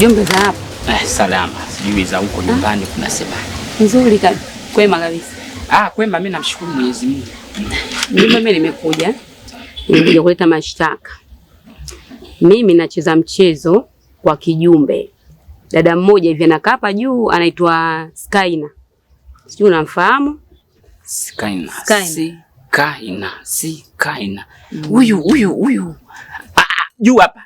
mjumbe za hapa eh, salama. Sijui za huko nyumbani sema. Nzuri kabisa, kwema kabisa. Ah, kwema. Mimi namshukuru Mwenyezi Mungu. Mimi nimekuja nimekuja kuleta mashtaka. Mimi nacheza mchezo wa kijumbe, dada mmoja hivi anakaa hapa juu anaitwa Skaina, sijui unamfahamu Skaina? Skaina, si Kaina. Huyu huyu huyu ah, ah, juu hapa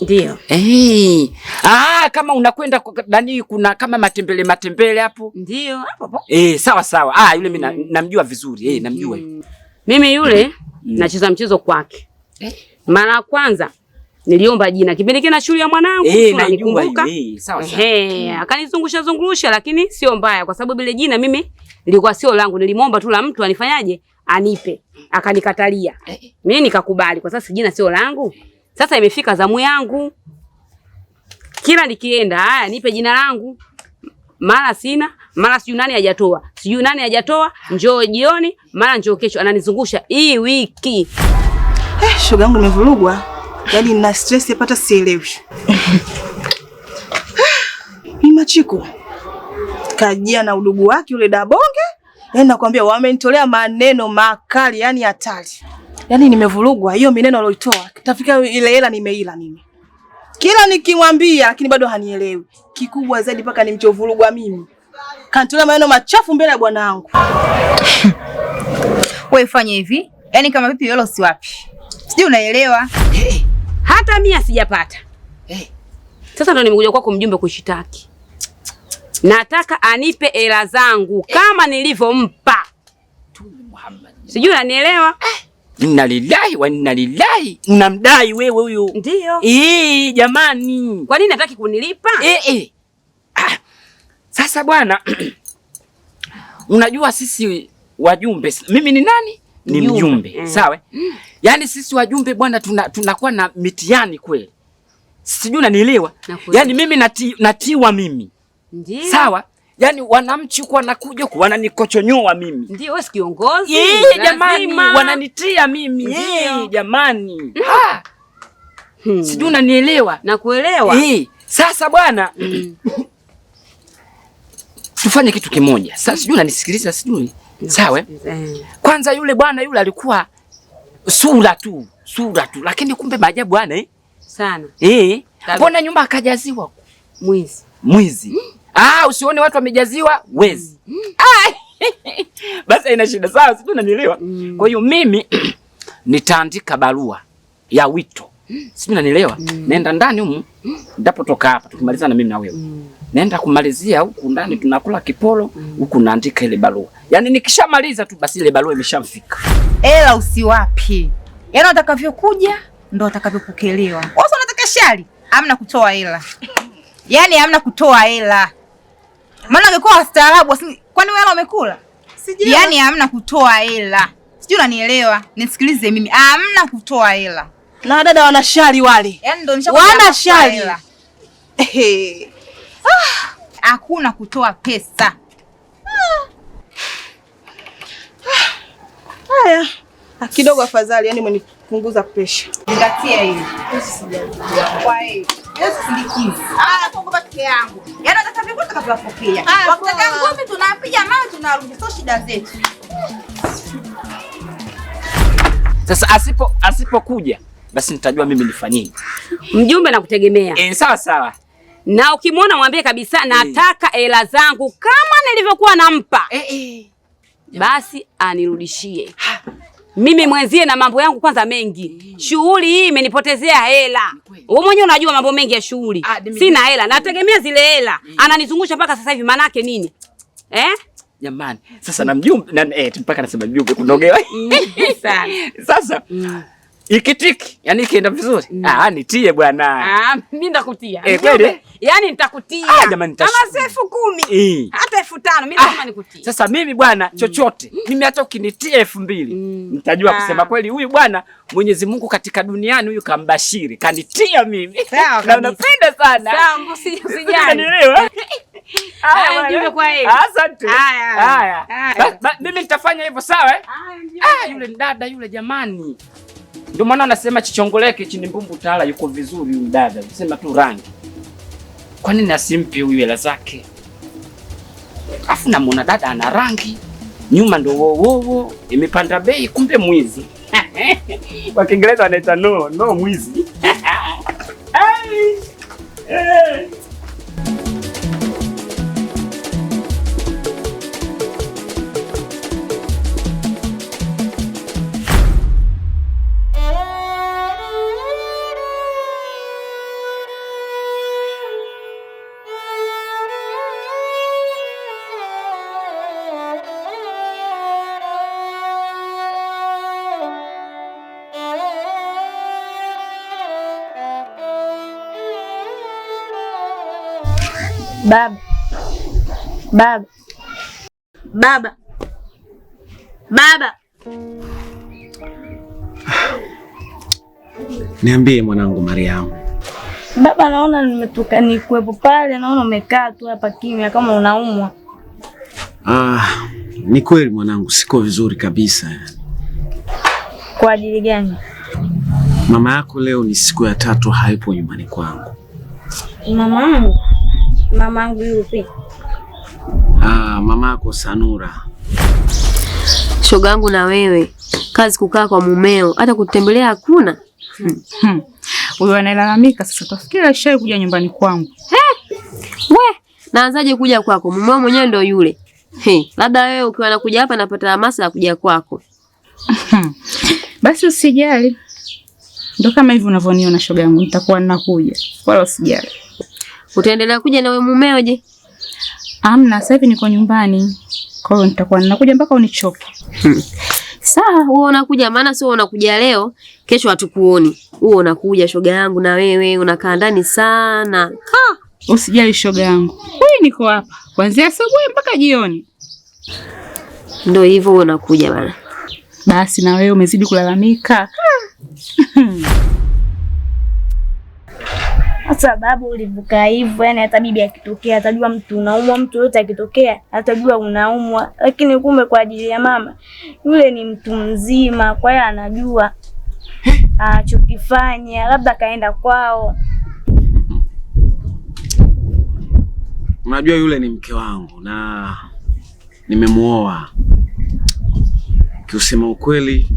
ndio. Hey. Ah, kama unakwenda nani, kuna kama matembele matembele hapo. Ndio, hapo hapo. Eh, sawa sawa. Ah, yule mimi mm. namjua vizuri. Eh, namjua. Mm. Mimi yule mm. mm. nacheza mchezo kwake. Eh? Mara ya kwanza niliomba jina kipindi kile na shule ya mwanangu hey, eh, naikumbuka. Hey, eh, sawa sawa. Hey, mm. akanizungusha zungusha lakini sio mbaya kwa sababu bile jina mimi lilikuwa sio langu, Nilimomba tu la mtu anifanyaje anipe. Mm. Akanikatalia. Hey. Eh. Mimi nikakubali kwa sababu jina sio langu. Sasa imefika zamu yangu, kila nikienda, haya nipe jina langu, mara sina, mara sijui nani hajatoa, sijui nani hajatoa, njoo jioni, mara njoo kesho, ananizungusha hii wiki. Eh, shoga yangu imevurugwa, yaani na stress yapata sielewi. Ni Machiko kajia na udugu wake yule Dabonge, yaani nakwambia wamenitolea maneno makali, yaani hatari yani nimevurugwa hiyo mineno aliyoitoa. Tafika ile hela nimeila mimi. Kila nikimwambia lakini bado hanielewi. Kikubwa zaidi mpaka nimchovurugwa mimi. Kanitolea maneno machafu mbele ya bwana wangu. Wewe fanya hivi. yani kama vipi Yolo si wapi. Sijui unaelewa. Hey. Hata mimi sijapata. Hey. Sasa ndo nimekuja kwako mjumbe kushitaki. Nataka anipe hela zangu kama nilivyompa. Sijui unanielewa? Eh. Inna lillahi wa inna lillahi. Unamdai wewe huyu? Ndio. Eh, jamani. Kwa nini hataki kunilipa? Eh, eh. Ah. Sasa bwana unajua sisi wajumbe, mimi ni nani? Ni mjumbe. Mm. Sawa? Mm. Yaani sisi wajumbe bwana tunakuwa tuna na mitihani kweli. Sijui unanielewa? Yaani mimi nati, natiwa mimi. Ndio. Sawa? yani wanamchi huku wanakuja huku wananikochonyoa mimi. Ndio wewe kiongozi. Eh, jamani wananitia mimi. Eh, jamani. Ah. Hmm. Sijui unanielewa? Nakuelewa. Eh, sasa bwana tufanye kitu kimoja. Sasa sijui unanisikiliza sijui. Sawa? Kwanza yule bwana yule alikuwa sura tu, sura tu, lakini kumbe maajabu bwana eh. Sana. Eh. Mbona nyumba akajaziwa mwizi? Mwizi. Hmm. Ah, usione watu wamejaziwa wezi. Mm. basi haina shida sawa, si tunanielewa. Mm. Kwa hiyo mimi nitaandika barua ya wito. Sijui unanielewa? Mm. Nenda ndani humu, ndapotoka hapa tukimaliza na mimi na wewe. Mm. Naenda kumalizia huku ndani tunakula kipolo, huku naandika ile barua. Yaani nikishamaliza tu basi ile barua imeshamfika. Ela usiwapi. Yaani watakavyokuja ndo watakavyopokelewa. Wewe unataka shari? Hamna kutoa hela. Yaani hamna kutoa hela. Maana angekuwa wastaarabu, kwani wewe wamekula? Sijui. Yaani hamna kutoa hela, sijui unanielewa. Nisikilize mimi, hamna kutoa hela na dada wanashari wale, yaani ndio wanashari. Ah, hakuna ah, kutoa pesa ah. Ah. haya ah. ah, kidogo afadhali, yani menipunguza pressure Zingatia Kwa hiyo sindikizi ah, peke yangu, yaani ah, wakitaka ngumi, tunapiga mawe tunarudi, sio shida zetu. Sasa asipo asipokuja basi nitajua mimi nifanyeni. Mjumbe nakutegemea. Eh, sawa sawa na ukimwona mwambie kabisa eh. nataka hela zangu kama nilivyokuwa nampa. Eh, eh. Basi anirudishie ha. Mimi mwenzie na mambo yangu kwanza mengi. Mm. Shughuli hii imenipotezea hela. Wewe mwenyewe unajua mambo mengi ya shughuli. Ah, Sina hela, nategemea zile hela. Mm. Ananizungusha mpaka sasa hivi, yake nini? Eh? Jamani, sasa na mjumbe na eh, mpaka nasema mjumbe kunogewa. Mm, sana. Sasa ikitiki, yani ikienda vizuri. Ah, nitie bwana. Ah, mimi ndakutia. Eh, kweli? yani nitakutia kama ah, si elfu kumi eh. hata elfu tano mimi lazima ah, nikutie. Sasa mimi bwana, mm. chochote mimi, hata ukinitia elfu mbili mm. nitajua ah. kusema kweli, huyu bwana Mwenyezi Mungu katika duniani huyu kambashiri, kanitia mimi na unapenda sana Sawa, mimi nitafanya hivyo sawa. Eh? Yule dada yule, jamani, ndio maana anasema chichongoleke chini mbumbu tala, yuko vizuri yule dada, sema tu rangi kwa nini asimpi huyu hela zake? Afu namwona dada ana rangi nyuma ndo wowowo imepanda bei, kumbe mwizi kwa Kiingereza anaita no no mwizi Baba, baba, baba, baba. Niambie mwanangu Mariamu. Baba, naona nimetoka nikuwepo pale, naona umekaa tu hapa kimya kama unaumwa. Ah, ni kweli mwanangu, siko vizuri kabisa. Kwa ajili gani? Mama yako leo ni siku ya tatu haipo nyumbani kwangu. Mama yangu Mamangu yupi? Ah, mamako Sanura. Shogangu na wewe kazi kukaa kwa mumeo, hata kutembelea hakuna. Huyo hmm, hmm. analalamika sasa, tafikiri aishaye kuja nyumbani kwangu. He? We, naanzaje kuja kwako? Mumeo mwenyewe ndio yule. He, labda wewe ukiwa nakuja hapa napata hamasa ya kuja kwako. Hmm. Basi usijali, ndo kama hivi unavyoniona shogangu, nitakuwa ninakuja, wala usijali. Utaendelea kuja na wewe mumeo je? Amna, sasa hivi niko nyumbani. Kwa hiyo nitakuwa ninakuja mpaka unichoke. Hmm. Sawa, wewe unakuja maana sio unakuja leo, kesho hatukuoni. Wewe unakuja shoga yangu na wewe unakaa ndani sana. Ha! Usijali shoga yangu. Wewe niko hapa kuanzia asubuhi mpaka jioni. Ndio hivyo wewe unakuja bana. Basi na wewe umezidi kulalamika. Hmm. Kwa sababu ulivuka hivyo, yani hata bibi akitokea atajua mtu unaumwa, mtu yote akitokea atajua unaumwa, lakini kumbe kwa ajili ya mama yule ni mtu mzima, kwa hiyo anajua anachokifanya. Labda kaenda kwao. Unajua yule ni mke wangu na nimemuoa. Kiusema ukweli,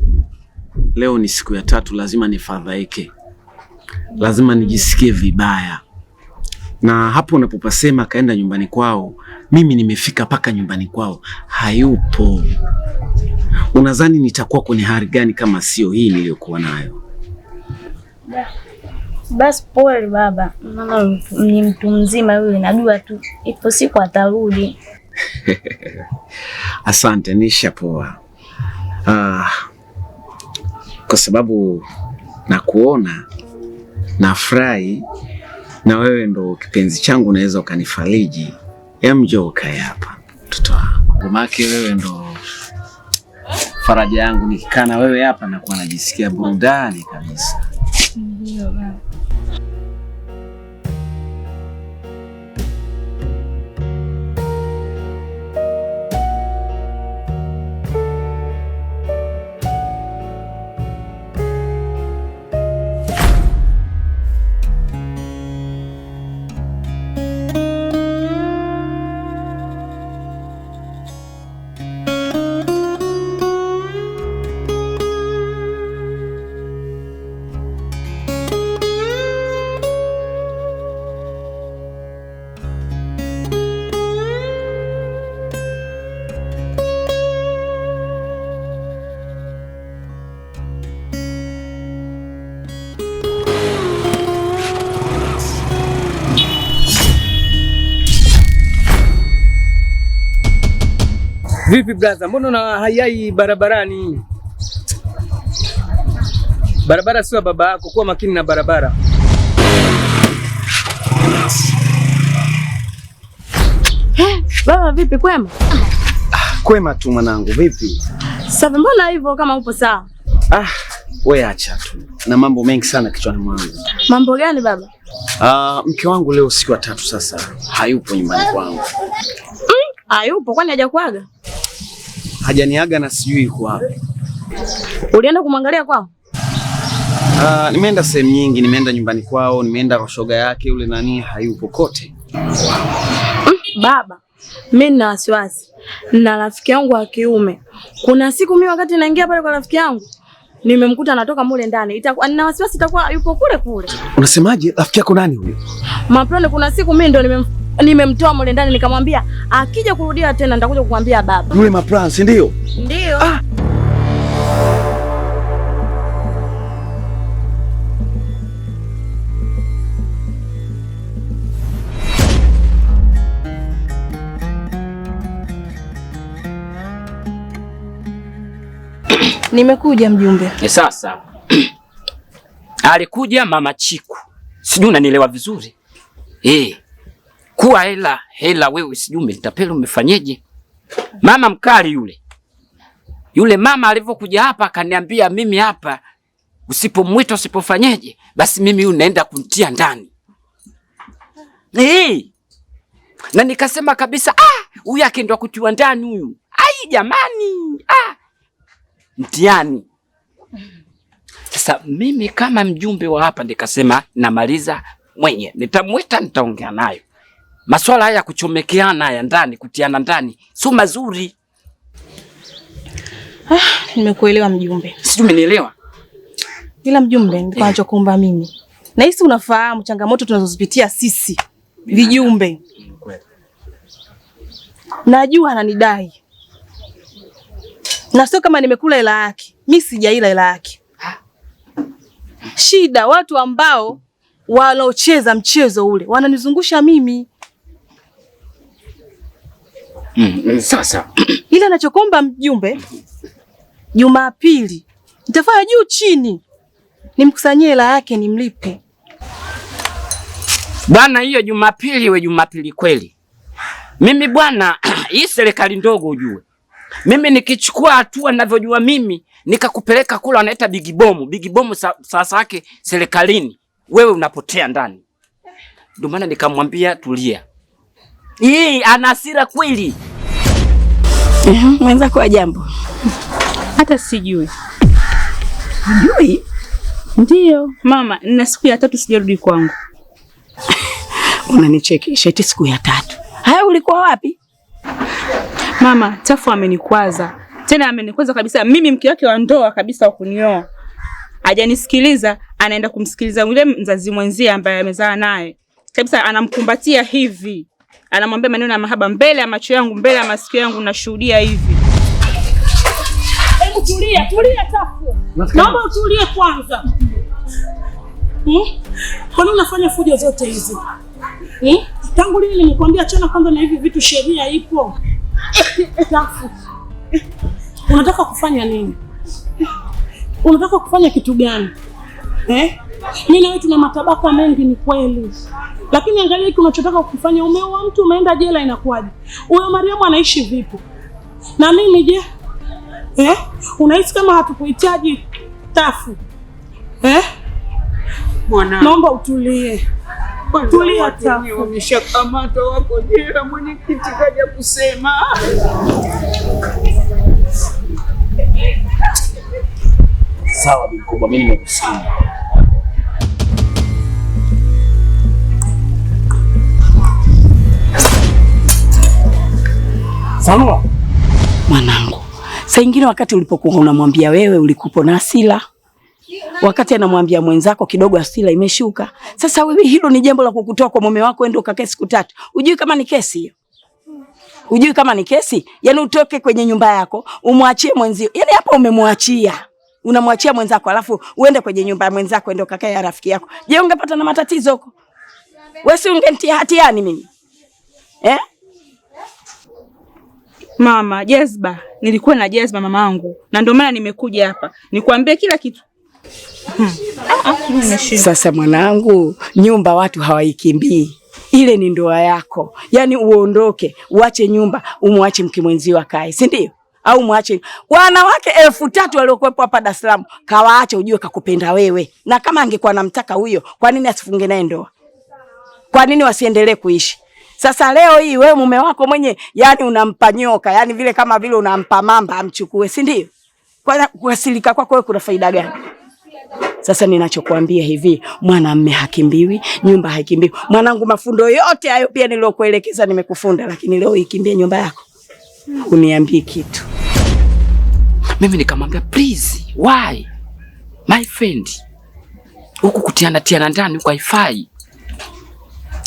leo ni siku ya tatu, lazima nifadhaike lazima mm. nijisikie vibaya. Na hapo unapopasema kaenda nyumbani kwao, mimi nimefika mpaka nyumbani kwao, hayupo. Unadhani nitakuwa kwenye hali gani kama sio hii niliyokuwa nayo? Basi pole baba, mama ni mtu mzima yule, najua tu ipo siku atarudi. Asante, nishapoa. Ah, kwa sababu nakuona nafurahi na wewe ndo kipenzi changu, unaweza ukanifariji. Yamjo, ukae hapa mtoto wangu, maana wewe ndo faraja yangu. Nikikaa na wewe hapa nakuwa najisikia burudani kabisa. Vipi brother, mbona una hayai barabarani? Barabara sio baba yako, kuwa makini na barabara. He, eh, baba vipi kwema? Ah, kwema tu mwanangu, vipi? Sasa mbona hivyo kama upo sawa? Ah, we acha tu. Na mambo mengi sana kichwani mwangu. Mambo gani baba? Ah, mke wangu leo siku ya tatu sasa hayupo nyumbani kwangu. Mm, hayupo kwani hajakuaga? hajaniaga na sijui yuko wapi. Ulienda kumwangalia kwao? Uh, nimeenda sehemu nyingi, nimeenda nyumbani kwao, nimeenda kwa shoga yake yule nani, hayupo kote. Mm, baba mimi nina wasiwasi na rafiki yangu wa kiume. Kuna siku mimi wakati naingia pale kwa rafiki yangu nimemkuta anatoka mule ndani, itakuwa nina wasiwasi, itakuwa yupo kule kule. Unasemaje? rafiki yako nani huyo? Maprone. Kuna siku mimi ndo nimem nimemtoa mule ndani, nikamwambia ah, akija kurudia tena nitakuja kukwambia baba. Yule maprance ndio? Ndio. Ah. Nimekuja mjumbe. Eh, sasa alikuja mama Chiku, sijui unanielewa vizuri eh? kuwa hela hela, wewe sijui umelitapeli umefanyeje. Mama mkali yule yule mama alivyokuja hapa akaniambia mimi hapa, usipomwita usipofanyeje, basi mimi huyu naenda kumtia ndani eh, na nikasema kabisa, ah, huyu akendwa kutiwa ndani huyu, ai jamani, ah, mtiani. Sasa mimi kama mjumbe wa hapa nikasema namaliza mwenye, nitamwita nitaongea nayo Maswala haya ya kuchomekeana ya ndani, kutiana ndani sio mazuri. Ah, nimekuelewa mjumbe. Sijui umenielewa. Ila mjumbe, niko yeah, nachokuomba mimi. Na hisi unafahamu changamoto tunazozipitia sisi vijumbe. Najua ananidai. Na sio kama nimekula hela yake. Mimi sijaila hela yake. Shida watu ambao wanaocheza mchezo ule wananizungusha mimi. Mm, sasa ile anachokomba mjumbe, Jumapili nitafanya juu chini nimkusanyie hela yake nimlipe bwana. Hiyo Jumapili we Jumapili kweli. Mimi bwana, hii serikali ndogo ujue mimi nikichukua hatua ninavyojua mimi nikakupeleka kula wanaita bigibomu bigibomu, sasa yake serikalini, wewe unapotea ndani. Ndio maana nikamwambia tulia hii ana hasira kweli. Mwenza kwa jambo hata sijui sijui. Ndio mama, nina siku ya tatu sijarudi kwangu. Unanichekesha eti siku ya tatu? Haya, ulikuwa wapi mama? Tafu amenikwaza tena, amenikwaza kabisa. Mimi mke wake wa ndoa kabisa wa kunioa, hajanisikiliza anaenda kumsikiliza yule mzazi mwenzie ambaye amezaa naye kabisa, anamkumbatia hivi anamwambia maneno ya mahaba mbele ya macho yangu, mbele ya masikio yangu, nashuhudia hivi. Hebu tulia, tulia tafu. Naomba utulie kwanza. Hmm? nini unafanya fujo zote hizi? Hmm? Tangu lini nimekuambia achana kwanza na hivi vitu, sheria ipo. Tafu. Unataka kufanya nini? Unataka kufanya kitu gani? Eh? Mi nawe tuna matabaka mengi, ni kweli, lakini angalia hiki unachotaka kufanya. Umeua mtu, umeenda jela, inakuwaje? Huyo Mariamu anaishi vipi? Na mimi je, eh? Unahisi kama hatukuhitaji tafu eh? Mwana, naomba utulie, tafu. Wameshakamata wako jela, mwenyekiti kaja kusema sawa. Mkubwa, mimi nimekusikia Salua. mwanangu, saa ingine wakati ulipokuwa unamwambia wewe ulikupo na hasira, wakati anamwambia mwenzako kidogo hasira imeshuka. Sasa wewe hilo ni jambo la kukutoa kwa mume wako, ende ukakaa siku tatu. Ujui kama ni kesi hiyo? Ujui kama ni kesi? Yaani utoke kwenye nyumba yako umwachie mwenzio, yaani hapa umemwachia unamwachia mwenzako, alafu uende kwenye nyumba ya mwenzako, ende ukakae ya rafiki yako. Je, ungepata na matatizo huko? Wewe si ungenitia hatiani mimi eh? Mama jezba, nilikuwa na jezba mamangu, na ndio maana nimekuja hapa nikwambie kila kitu. Sasa mwanangu, nyumba watu hawaikimbii, ile ni ndoa yako. Yaani uondoke uache nyumba, umwache mke mwenzio akae, si ndio? Au mwache wanawake elfu tatu waliokuwepo hapa Dar es Salaam, kawaache ujue kakupenda wewe. Na kama angekuwa anamtaka huyo, kwa nini asifunge naye ndoa? Kwa nini wasiendelee kuishi? Sasa leo hii wewe mume wako mwenye yani unampa nyoka, yani vile kama vile unampa mamba amchukue, si ndio? Kwa kuasilika kwako wewe kuna faida gani? Sasa ninachokuambia hivi, mwanamme hakimbiwi, nyumba haikimbiwi. Mwanangu, mafundo yote hayo pia nilokuelekeza nimekufunda, lakini leo ikimbie nyumba yako. Uniambie kitu. Mimi nikamwambia please, why my friend, huku kutiana tiana ndani huku haifai.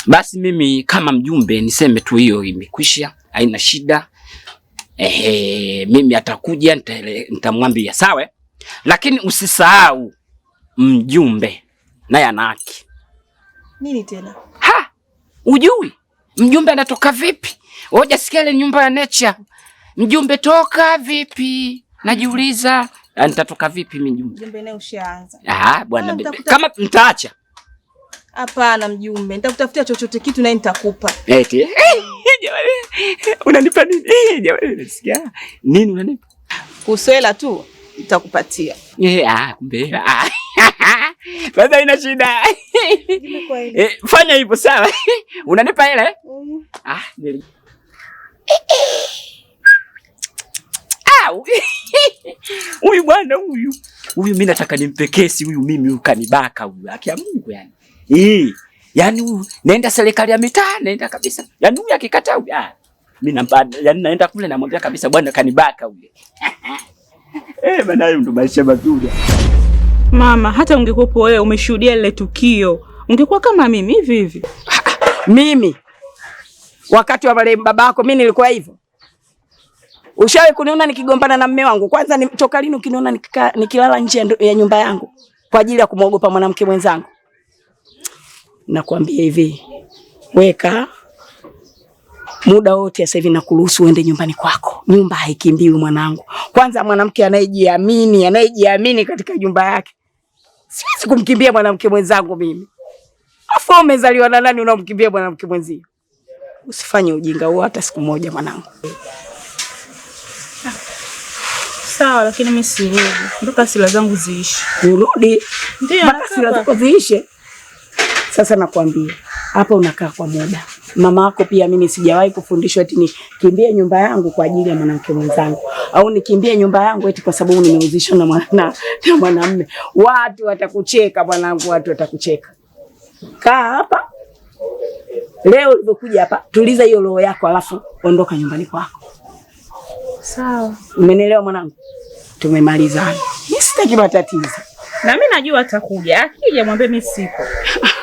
Basi mimi kama mjumbe niseme tu hiyo imekwisha, haina shida. Ehe, mimi atakuja nitamwambia sawa, lakini usisahau mjumbe naye ana haki. Nini tena? Ha, ujui mjumbe anatoka vipi? Hojasikia ile nyumba ya nature, mjumbe toka vipi? Najiuliza nitatoka vipi mjumbe. Mjumbe naye ushaanza. Ah, bwana, kama mtaacha Hapana mjumbe, nitakutafutia chochote kitu naye nitakupa. Eti eh? Eh, jamani, unanipa nini eh, jamani? Nasikia nini unanipa? Kuswela tu nitakupatia. Eh, ah, kumbe kwanza ah, ina shida eh, fanya hivyo sawa. Unanipa hela eh? Mm. Ah, huyu bwana huyu huyu, mimi nataka nimpe kesi huyu, mimi huyu kanibaka huyu, Akia Mungu yani Eh. Yaani naenda serikali ya mitaa, naenda kabisa. Yaani huyu akikata huyu. Ah. Mimi namba yaani naenda kule namwambia kabisa bwana kanibaka huyu. Eh, bwana hiyo ndo maisha mazuri. Mama, hata ungekuwa wewe umeshuhudia lile tukio, ungekuwa kama mimi hivi hivi. Mimi wakati wa wale babako mimi nilikuwa hivyo. Ushawe kuniona nikigombana na mume wangu? Kwanza ni toka lini ukiniona nikilala nje ya nyumba yangu kwa ajili ya kumwogopa mwanamke mwenzangu? nakwambia hivi, weka muda wote sasa hivi nakuruhusu uende nyumbani kwako. Nyumba haikimbiwi mwanangu. Kwanza mwanamke anayejiamini, anayejiamini katika nyumba yake, siwezi kumkimbia mwanamke mwenzangu mimi. Afu umezaliwa na nani unamkimbia mwanamke mwenzio? Usifanye ujinga huo hata siku moja mwanangu. Sawa, lakini mimi siwezi mpaka sila zangu ziishe. Urudi mpaka sila zako ziishe. Sasa nakwambia hapa unakaa kwa muda. Mama yako. pia mimi sijawahi kufundishwa eti nikimbie nyumba yangu kwa ajili ya mwanamke mwenzangu au nikimbie nyumba yangu eti kwa sababu nimeuzishwa na mwana, na mwanamume. Watu watakucheka mwanangu, watu watakucheka. Kaa hapa. Leo ulivyokuja hapa, tuliza hiyo roho yako alafu ondoka nyumbani kwako. Sawa. Umenielewa mwanangu? Tumemalizana. Mimi sitaki matatizo. Na mimi najua atakuja. Akija mwambie mimi sipo.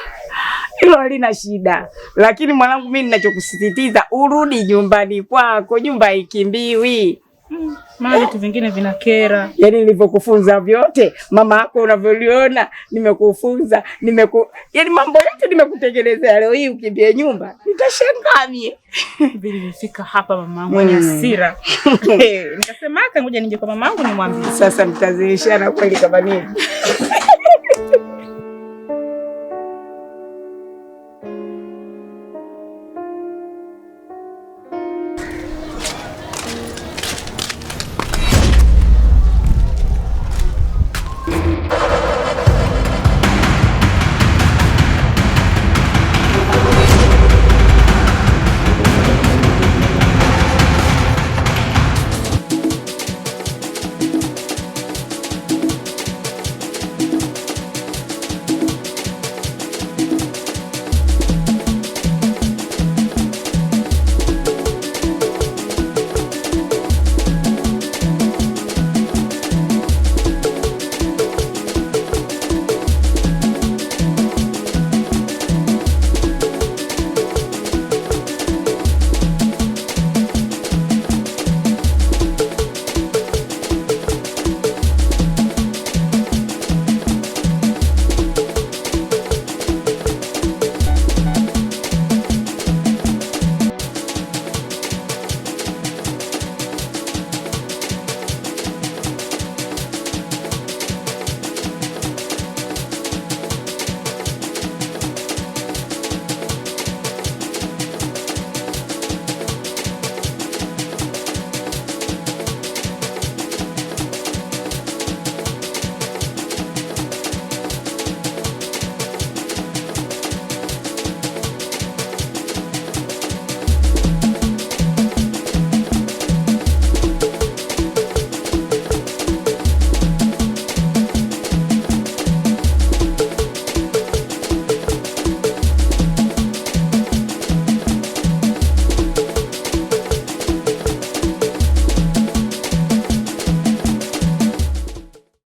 hilo halina shida, lakini mwanangu, mimi ninachokusisitiza urudi nyumbani kwako, nyumba ikimbiwi Hmm, vitu vingine vinakera. yani nilivyokufunza vyote, mama yako unavyoliona, nimekufunza nimeku, yani mambo yote nimekutengenezea, leo hii ukimbie nyumba, nitashangaa mie vile nimefika hapa. Mamangu mwenye mm. hasira, eh, nikasema ngoja nije kwa mamangu nimwambie. Sasa mtaziishana kweli kama nini?